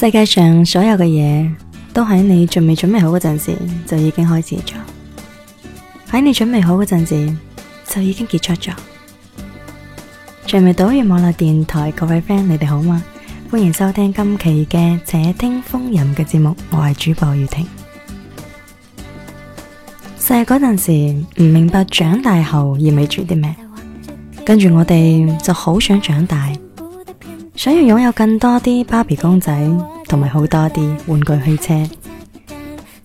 世界上所有嘅嘢，都喺你仲未準備好嗰陣時就已經開始咗；喺你準備好嗰陣時就已經結束咗。在眉島完網絡電台各位 friend，你哋好嗎？歡迎收聽今期嘅且聽風吟嘅節目，我係主播雨婷。細個陣時唔明白長大後意味住啲咩，跟住我哋就好想長大。想要擁有更多啲芭比公仔，同埋好多啲玩具汽車，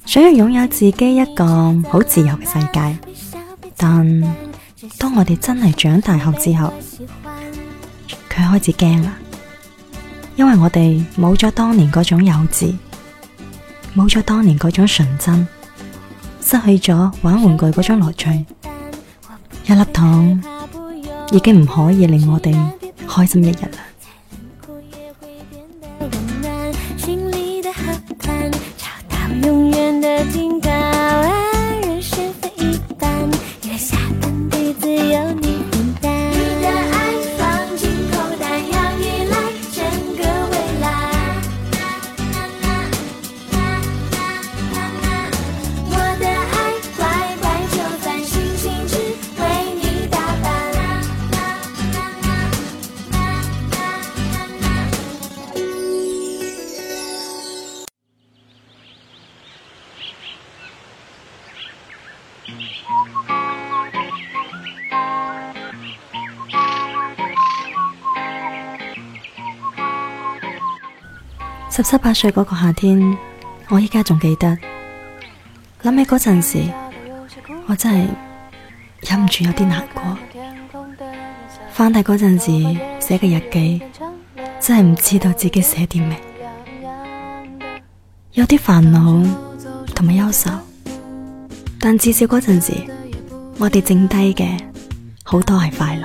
想要擁有自己一個好自由嘅世界。但當我哋真係長大後之後，佢開始驚啦，因為我哋冇咗當年嗰種幼稚，冇咗當年嗰種純真，失去咗玩玩具嗰種樂趣，一粒糖已經唔可以令我哋開心一日啦。十七八歲個夏天，我依家仲記得。諗起陣時，我真係忍唔住有啲難過。翻睇陣時寫嘅日記，真係唔知道自己寫啲咩，有啲煩惱同埋憂愁，但至少陣時我哋剩低嘅好多係快樂。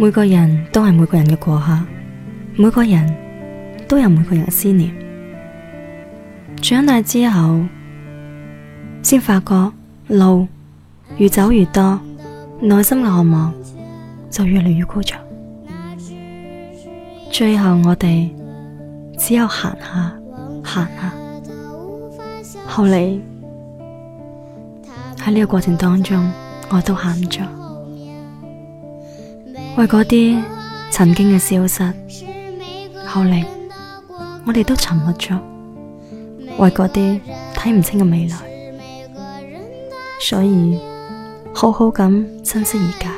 每個人都係每個人嘅過客，每個人都有每個人嘅思念。長大之後，先發覺路。越走越多，內心嘅渴望就越嚟越枯燥。最後我哋只有行下行下，後來喺呢個過程當中，我都行唔咗。為嗰啲曾經嘅消失，後來我哋都沉默咗。為嗰啲睇唔清嘅未來，所以。好好咁珍惜而家。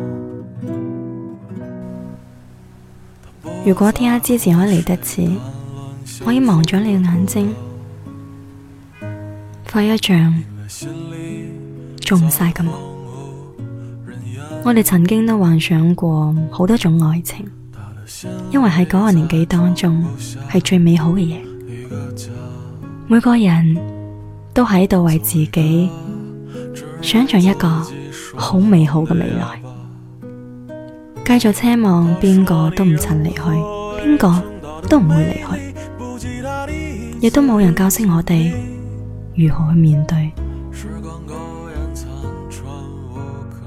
如果天黑之前可以嚟得切，可以望咗你嘅眼睛，發一場做唔晒嘅夢。我哋曾經都幻想過好多種愛情，因為喺那個年紀當中係最美好嘅嘢。每個人都喺度為自己想象一個好美好嘅未來。繼續奢望，邊個都唔曾離去，邊個都唔會離去，亦都冇人教識我哋如何去面對時光。我可，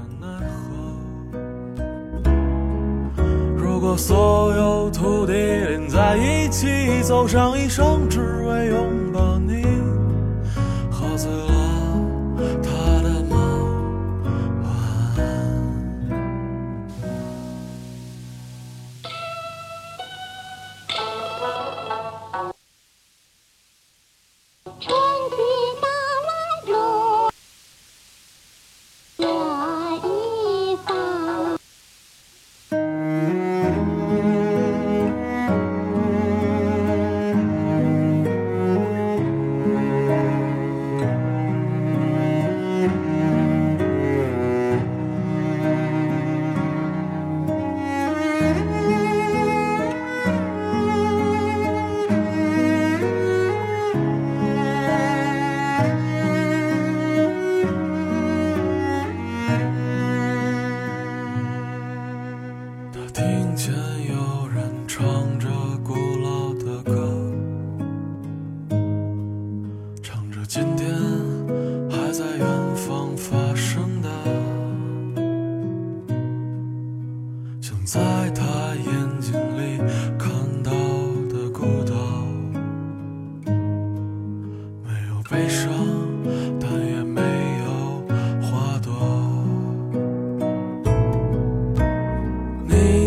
如果所有土地連在一起，走上一生只為擁抱你。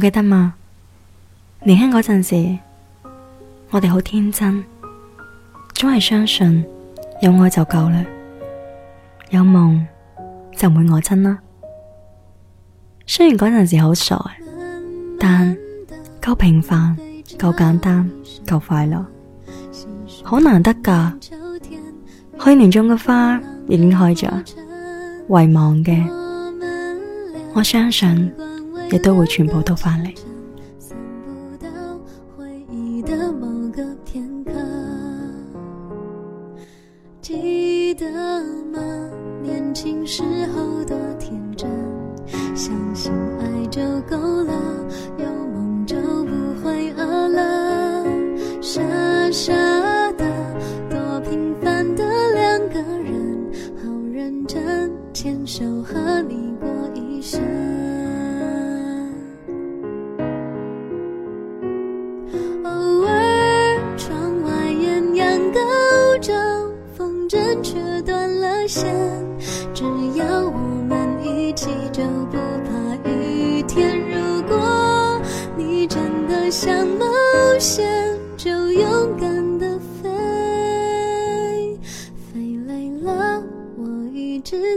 記得嘛？年輕嗰陣時，我哋好天真，總係相信有愛就夠啦，有夢就唔會餓親啦。雖然嗰陣時好傻，但夠平凡，夠簡單，夠快樂，好難得噶。去年種嘅花已經開咗，遺忘嘅，我相信。亦都會全部都返嚟。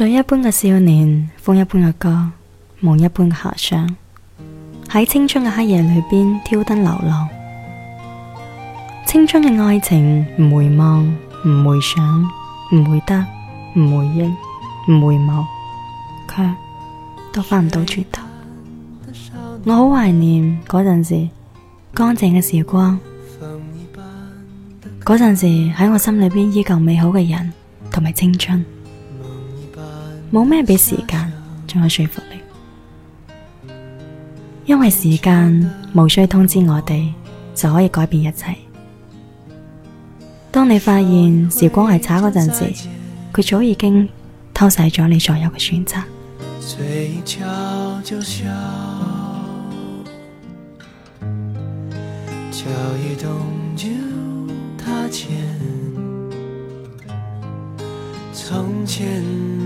水一般嘅少年，風一般嘅歌，夢一般嘅遐想，喺青春嘅黑夜裏邊挑燈流浪。青春嘅愛情，唔回望，唔回想，唔回得，唔回憶，唔回眸，卻都翻唔到轉頭。我好懷念嗰陣時乾淨嘅時光，嗰陣時喺我心裏邊依舊美好嘅人同埋青春。冇咩比時間仲有說服力，因為時間無需通知我哋就可以改變一切。當你發現時光係差嗰陣時，佢早已經偷晒咗你所有嘅選擇。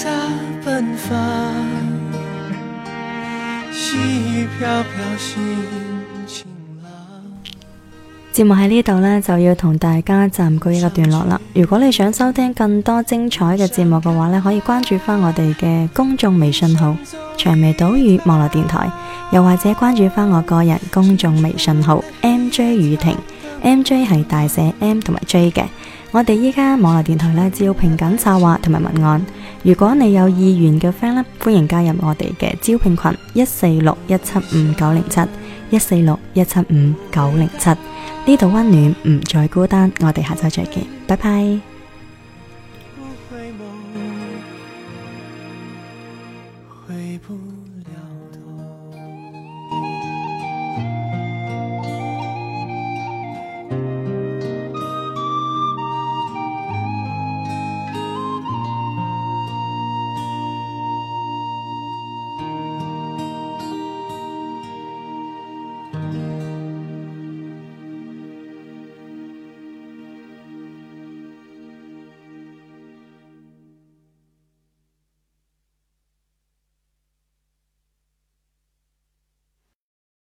雨節目喺呢度呢，就要同大家暫告一個段落啦。如果你想收聽更多精彩嘅節目嘅話呢，可以關注翻我哋嘅公眾微信號“長尾島語網絡電台”，又或者關注翻我個人公眾微信號 NJ NJ 是大 “N J 宇婷 ”，N J 係大寫 N 同埋 J 嘅。我哋依家網絡電台咧，招聘緊策劃同埋文案。如果你有意願嘅 friend 咧，歡迎加入我哋嘅招聘群，一四六一七五九零七一四六一七五九零七。呢度溫暖唔再孤單。我哋下周再見，拜拜。